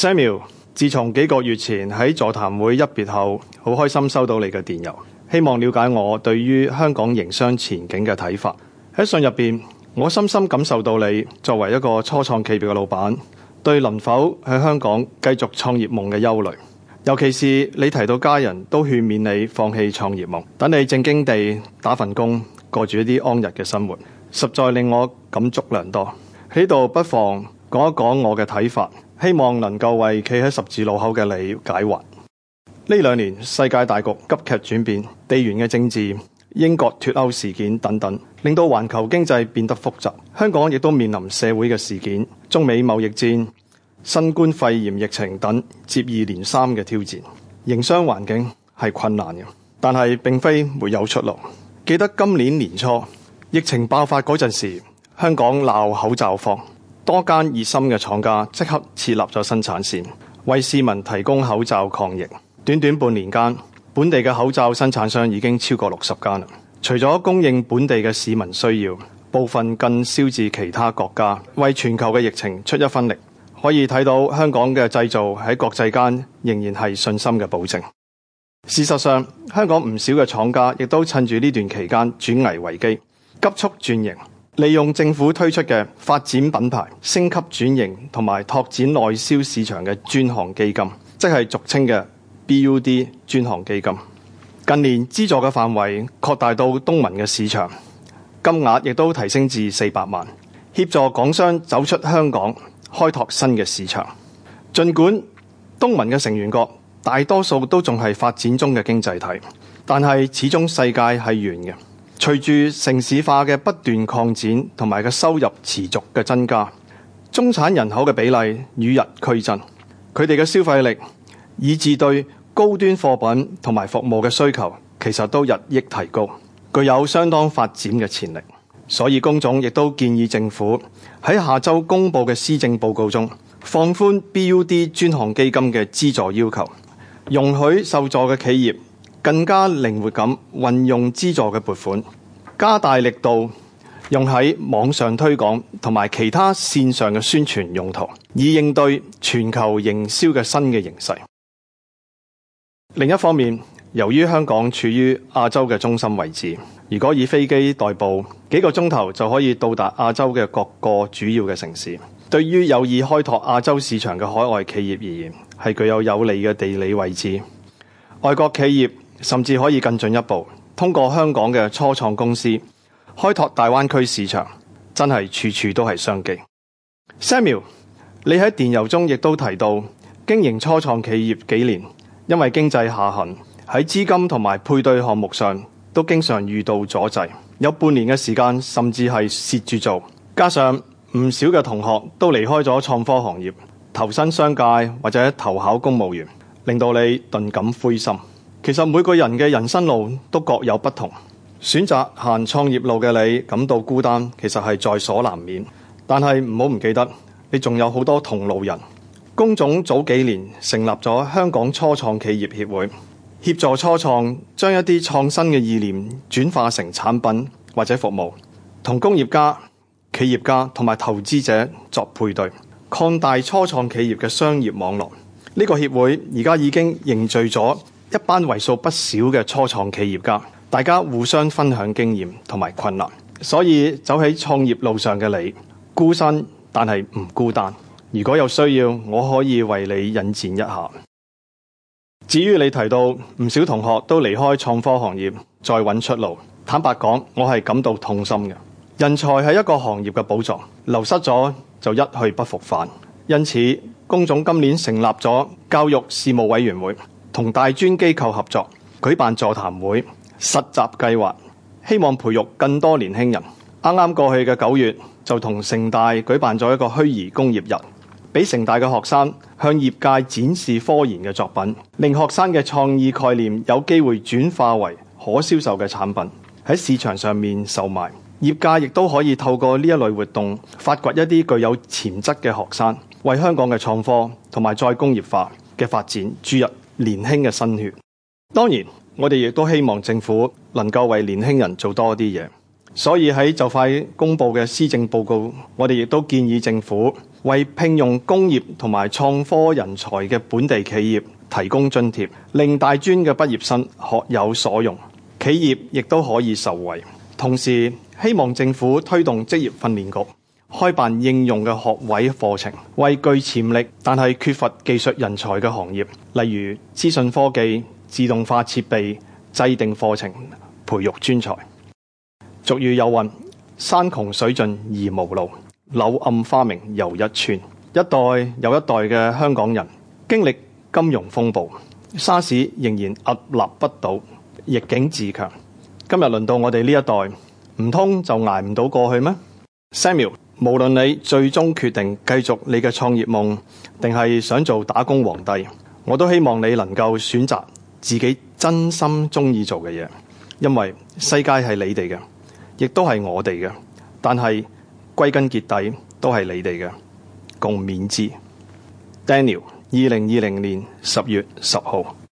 Samuel，自從幾個月前喺座談會一別後，好開心收到你嘅電郵，希望了解我對於香港營商前景嘅睇法。喺信入邊，我深深感受到你作為一個初創企業嘅老闆，對能否喺香港繼續創業夢嘅憂慮。尤其是你提到家人都勸勉你放棄創業夢，等你正經地打份工，過住一啲安逸嘅生活，實在令我感觸良多。喺度不妨講一講我嘅睇法。希望能夠為企喺十字路口嘅你解惑。呢兩年世界大局急劇轉變，地緣嘅政治、英國脫歐事件等等，令到環球經濟變得複雜。香港亦都面臨社會嘅事件、中美貿易戰、新冠肺炎疫情等接二連三嘅挑戰，營商環境係困難嘅，但係並非沒有出路。記得今年年初疫情爆發嗰陣時，香港鬧口罩荒多間熱心嘅廠家即刻設立咗生產線，為市民提供口罩抗疫。短短半年間，本地嘅口罩生產商已經超過六十間啦。除咗供應本地嘅市民需要，部分更銷至其他國家，為全球嘅疫情出一分力。可以睇到香港嘅製造喺國際間仍然係信心嘅保證。事實上，香港唔少嘅廠家亦都趁住呢段期間轉危為機，急速轉型。利用政府推出嘅發展品牌、升級轉型同埋拓展內銷市場嘅專項基金，即係俗稱嘅 BUD 專項基金。近年資助嘅範圍擴大到東盟嘅市場，金額亦都提升至四百萬，協助港商走出香港，開拓新嘅市場。儘管東盟嘅成員國大多數都仲係發展中嘅經濟體，但係始終世界係圓嘅。隨住城市化嘅不斷擴展，同埋嘅收入持續嘅增加，中產人口嘅比例與日俱增，佢哋嘅消費力，以至對高端貨品同埋服務嘅需求，其實都日益提高，具有相當發展嘅潛力。所以工總亦都建議政府喺下周公布嘅施政報告中，放寬 BUD 專項基金嘅資助要求，容許受助嘅企業更加靈活咁運用資助嘅撥款。加大力度用喺網上推廣同埋其他線上嘅宣傳用途，以應對全球營銷嘅新嘅形勢。另一方面，由於香港處於亞洲嘅中心位置，如果以飛機代步，幾個鐘頭就可以到達亞洲嘅各個主要嘅城市。對於有意開拓亞洲市場嘅海外企業而言，係具有有利嘅地理位置。外國企業。甚至可以更進一步，通過香港嘅初創公司開拓大灣區市場，真係處處都係商機。Samuel，你喺電郵中亦都提到經營初創企業幾年，因為經濟下行喺資金同埋配對項目上都經常遇到阻滯，有半年嘅時間甚至係蝕住做。加上唔少嘅同學都離開咗創科行業，投身商界或者投考公務員，令到你頓感灰心。其實每個人嘅人生路都各有不同，選擇行創業路嘅你感到孤單，其實係在所難免。但係唔好唔記得，你仲有好多同路人。工總早幾年成立咗香港初創企業協會，協助初創將一啲創新嘅意念轉化成產品或者服務，同工業家、企業家同埋投資者作配對，擴大初創企業嘅商業網絡。呢個協會而家已經凝聚咗。一班為數不少嘅初創企業家，大家互相分享經驗同埋困難，所以走喺創業路上嘅你，孤身但係唔孤單。如果有需要，我可以為你引薦一下。至於你提到唔少同學都離開創科行業再揾出路，坦白講，我係感到痛心嘅。人才係一個行業嘅寶藏，流失咗就一去不復返。因此，工總今年成立咗教育事務委員會。同大專機構合作舉辦座談會、實習計劃，希望培育更多年輕人。啱啱過去嘅九月就同城大舉辦咗一個虛擬工業日，俾城大嘅學生向業界展示科研嘅作品，令學生嘅創意概念有機會轉化為可銷售嘅產品喺市場上面售賣。業界亦都可以透過呢一類活動發掘一啲具有潛質嘅學生，為香港嘅創科同埋再工業化嘅發展注入年輕嘅新血，當然我哋亦都希望政府能夠為年輕人做多啲嘢。所以喺就快公佈嘅施政報告，我哋亦都建議政府為聘用工業同埋創科人才嘅本地企業提供津貼，令大專嘅畢業生學有所用，企業亦都可以受惠。同時希望政府推動職業訓練局，開辦應用嘅學位課程，為具潛力但係缺乏技術人才嘅行業，例如資訊科技、自動化設備，制定課程培育專才。俗語有云：山窮水盡而無路，柳暗花明又一村。一代又一代嘅香港人經歷金融風暴、沙士，仍然屹立不倒，逆境自強。今日輪到我哋呢一代，唔通就捱唔到過去咩？Samuel。無論你最終決定繼續你嘅創業夢，定係想做打工皇帝，我都希望你能夠選擇自己真心中意做嘅嘢，因為世界係你哋嘅，亦都係我哋嘅，但係歸根結底都係你哋嘅，共勉之。Daniel，二零二零年十月十號。